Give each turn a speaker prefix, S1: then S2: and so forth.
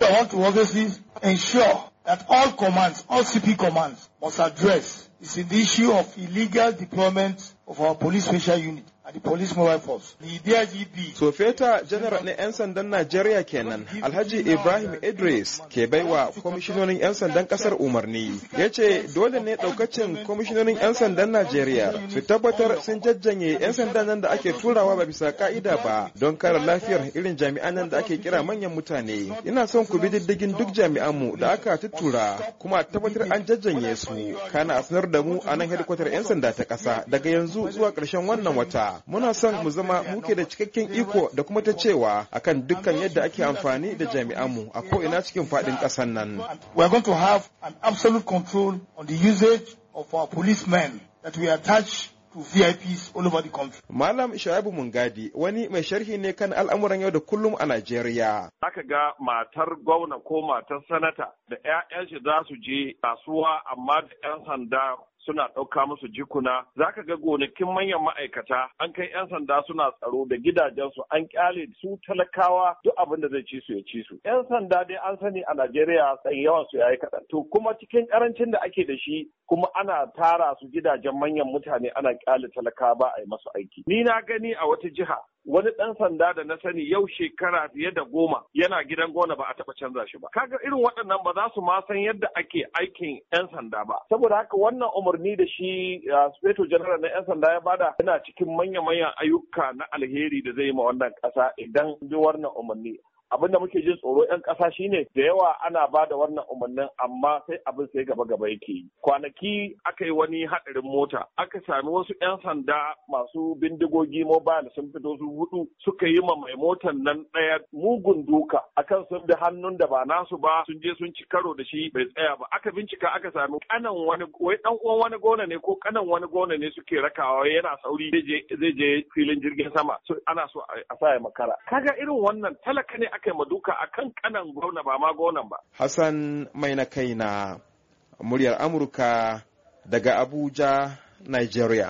S1: I want to obviously ensure that all commands, all CP commands must address is the issue of illegal deployment of our police special unit the police mobile force the DGP sofeta general na yan sandan Najeriya kenan Alhaji Ibrahim Idris ke baiwa kwamishinonin yan sandan kasar umarni ce dole ne daukacin kwamishinonin yan sandan Najeriya su tabbatar sun jajjanye yan sandan nan da ake turawa ba bisa ka'ida ba don kare lafiyar irin jami'an nan da ake kira manyan mutane ina son ku bi diddigin duk jami'anmu da aka tuttura kuma tabbatar an jajjanye su kana a sanar da mu a nan hedikwatar 'yan sanda ta ƙasa daga yanzu zuwa ƙarshen wannan wata muna son mu zama muke da cikakken iko da kuma ta cewa akan dukkan yadda ake amfani da jami'anmu a ko'ina cikin faɗin ƙasar nan. We are going to have an absolute control on the usage of our policemen that we attach Malam Shaibu Mungadi wani mai sharhi ne kan al'amuran yau da kullum a Najeriya.
S2: Aka ga matar gwamna ko matar sanata da 'ya'yan shi za su je kasuwa amma da 'yan sanda suna ɗauka musu jikuna Za ka ga gonakin manyan ma'aikata an kai 'yan sanda suna tsaro da gidajensu an kyale su talakawa duk abin da zai ci su ya ci su 'yan sanda dai an sani a Najeriya tsayin yawan su yi kaɗan to kuma cikin karancin da ake da shi kuma ana tara su gidajen manyan mutane ana kyale talakawa ba a yi masu aiki ni na gani a wata jiha wani ɗan sanda da na sani yau shekara fiye da goma yana gidan gona ba a taɓa canza shi ba. Kaga irin waɗannan ba za su ma san yadda ake aikin 'yan sanda ba. Saboda haka wannan umarni da shi uh, Speto General na 'yan sanda ya bada yana cikin manya-manyan ayyuka na alheri da zai yi ma wannan ƙasa idan bi wannan umarni. abin da muke jin tsoro yan ƙasa shine da yawa ana ba da wannan umarnin amma sai abin sai gaba gaba yake yi kwanaki aka yi wani haɗarin mota aka sami wasu yan sanda masu bindigogi mobile sun fito su hudu suka yi ma mai motan nan ɗaya mugun duka akan sun bi hannun da ba nasu ba sun je sun ci karo da shi bai tsaya ba aka bincika aka sami kanan wani wai dan uwan wani gona ne ko kanan wani gona ne suke rakawa yana sauri zai je filin jirgin sama ana so a sa ya makara kaga irin wannan talaka ne aka aka yi duka a kan kanan gwamna ba ma gwamnan ba.
S1: Hassan mai na kai na muryar Amurka daga Abuja, Nigeria.